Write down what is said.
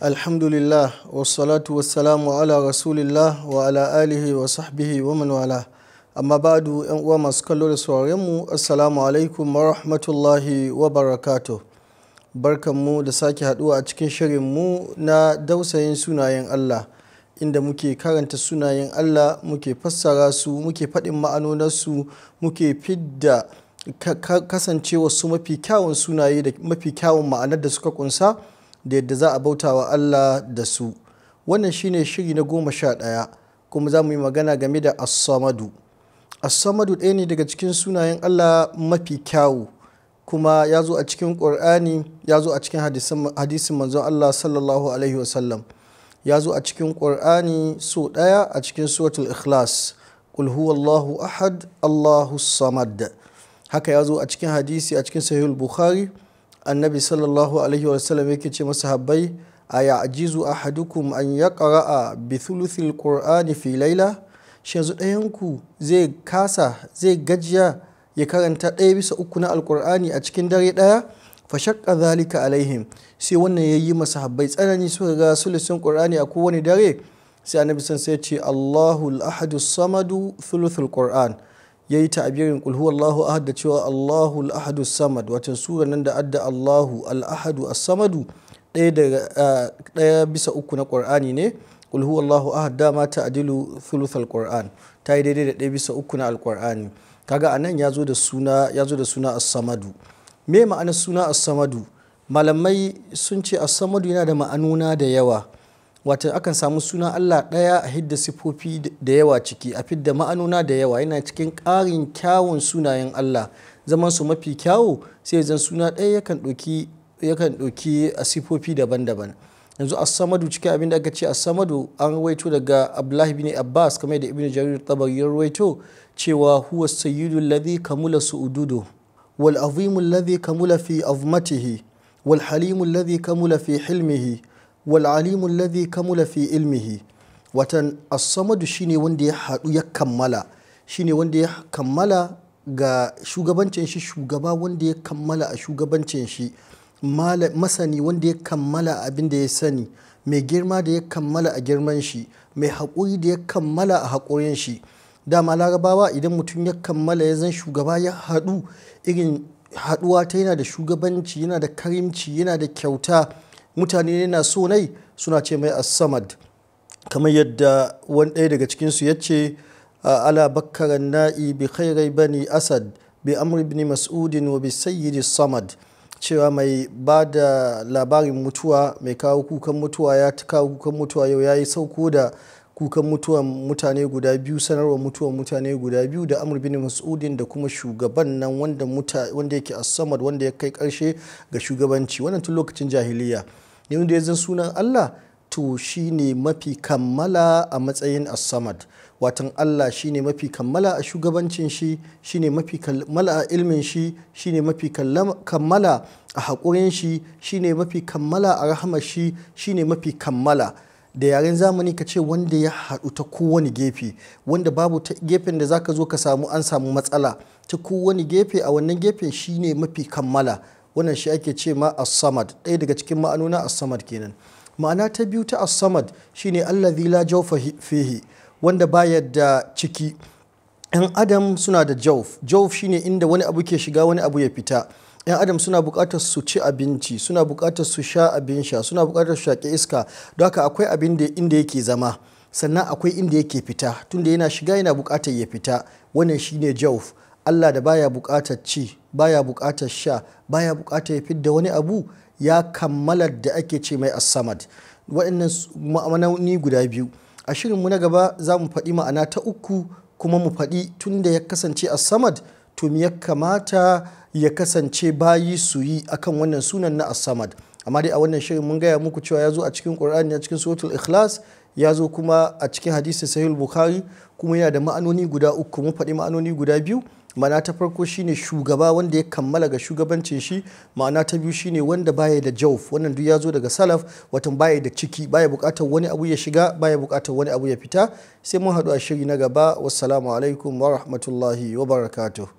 alhamdulillah wasalatu wassalamu ala rasulillah wa ala alihi wa sahbihi wa man wala amma ba'du yan uwa masu kallo da sauraren mu assalamu alaikum wa rahmatullahi wa barakato barkanmu da sake haduwa a cikin shirin mu na dausayin sunayen Allah inda muke karanta sunayen Allah muke fassara su muke faɗin ma'anonarsu muke fidda kasancewa su mafi kyawun sunaye da mafi kyawun ma'anar da suka kunsa da yadda za a bauta wa Allah da su wannan shine shiri na goma sha ɗaya kuma za mu yi magana game da asamadu asamadu ɗaya ne daga cikin sunayen Allah mafi kyawu kuma ya zo a cikin ƙur'ani ya zo a cikin hadisin manzon Allah sallallahu alaihi wasallam ya zo a cikin ƙur'ani so ɗaya a cikin suratul ikhlas qul huwallahu ahad allahu samad haka ya zo a cikin hadisi a cikin sahihul bukhari annabi sallallahu alaihi wasallam yake ce masahabbai habbai a ya'jizu ahadukum an yaqra'a bi thuluthil qur'ani fi laila shi yanzu ɗayanku zai kasa zai gajiya ya karanta ɗaya bisa uku na alkur'ani a cikin dare ɗaya fashakka zalika alaihim sai wannan ya yi masa tsanani suka ga sulusin qur'ani a kowane dare sai annabi san sai ce allahul ahadus samadu thuluthul qur'an ya yi ta'abirin kulhu Allahu ahad da cewa Allahu al-ahadu samad watan sura nan da adda Allahu al-ahadu as-samadu ɗaya bisa uku na Qur'ani ne kulhu Allahu ahad dama ta'dilu thuluthal Qur'an ta yi daidai da ɗaya bisa uku na al kaga anan ya zo da suna ya zo da suna as-samadu me ma'anar suna as-samadu malamai sun ce as-samadu yana da ma'anuna da yawa wato akan samu sunan Allah ɗaya a hidda sifofi da yawa ciki a fidda ma'anona da yawa yana cikin ƙarin kyawun sunayen Allah zaman su mafi kyawu sai zan suna ɗaya yakan ɗauki yakan a sifofi daban-daban yanzu a samadu cikin abin da aka ce a samadu an rawaito daga Abdullahi bin Abbas kamar da Ibn Jarir Tabari ya rawaito cewa huwa sayyidu ladhi kamula su'ududu wal azimul ladhi kamula fi azmatihi wal halimul ladhi kamula fi hilmihi wal alimun ladhi kamula fi ilmihi watan asamadu shine wanda ya haɗu ya kammala shine wanda ya kammala ga shugabancin shi shugaba wanda ya kammala a shugabancin shi masani wanda ya kammala abin da ya sani mai girma da ya kammala a girman shi mai haƙuri da ya kammala a haƙurin shi dama larabawa idan mutum ya kammala ya zan shugaba ya haɗu irin haɗuwa ta yana da shugabanci yana da karimci yana da kyauta mutane na so suna ce mai asamad kamar yadda wani ɗaya daga cikinsu ya ce ala bakkaran na'i bi khairai bani asad bi amr bin mas'udin wa bi sayyidi samad cewa mai ba da labarin mutuwa mai kawo kukan mutuwa ya kawo kukan mutuwa yau ya yi sauko da kukan mutuwan mutane guda biyu sanarwa mutuwan mutane guda biyu da amur bin mas'udin da kuma shugaban nan wanda yake a samad wanda ya kai karshe ga shugabanci wannan tun lokacin jahiliya ne wanda ya zan sunan Allah to shi ne mafi kammala a matsayin as-samad watan Allah shi ne mafi kammala a shugabancin shi shi ne mafi kammala a ilmin shi shi ne mafi kammala a haƙurin shi shi ne mafi kammala a rahamar shi shi ne mafi kammala da yaren zamani ka ce wanda ya haɗu ta kowane gefe wanda babu ta gefen da zaka zo ka samu an samu matsala ta kowane gefe a wannan gefen shi ne mafi kammala wannan shi ake ce ma as-samad ɗaya daga cikin ma'anuna as-samad kenan ma'ana ta biyu ta as-samad shine allazi la jawfa fihi wanda ba da ciki yan adam suna da jauf jauf shine inda wani abu ke shiga wani abu ya fita yan adam suna buƙatar su ci abinci suna buƙatar su sha abin sha suna buƙatar su shaƙi iska don haka akwai abin da inda yake zama sannan akwai inda yake fita tunda yana shiga yana buƙatar ya fita wannan shine jauf Allah da baya buƙatar ci baya buƙatar sha baya buƙatar ya fidda wani abu ya kammala da ake ce mai asamad waɗannan ma'amanoni guda biyu a shirin mu na gaba za mu faɗi ma'ana ta uku kuma mu faɗi tun da ya kasance asamad to mi ya kamata ya kasance bayi su yi akan wannan sunan na asamad amma dai a wannan shirin mun gaya muku cewa ya zo a cikin qur'ani a cikin suratul ikhlas ya zo kuma a cikin hadisi sahih bukhari kuma yana da ma'anoni guda uku mu faɗi ma'anoni guda biyu ma'ana ta farko shine shugaba wanda ya kammala ga shugabancin shi ma'ana ta biyu shine wanda baya da jauf wannan duk ya zo daga salaf watan baya da ciki baya bukatar wani abu ya shiga baya bukatar wani abu ya fita sai mun haɗu a shiri na gaba wassalamu alaikum wa rahmatullahi wa barakatuh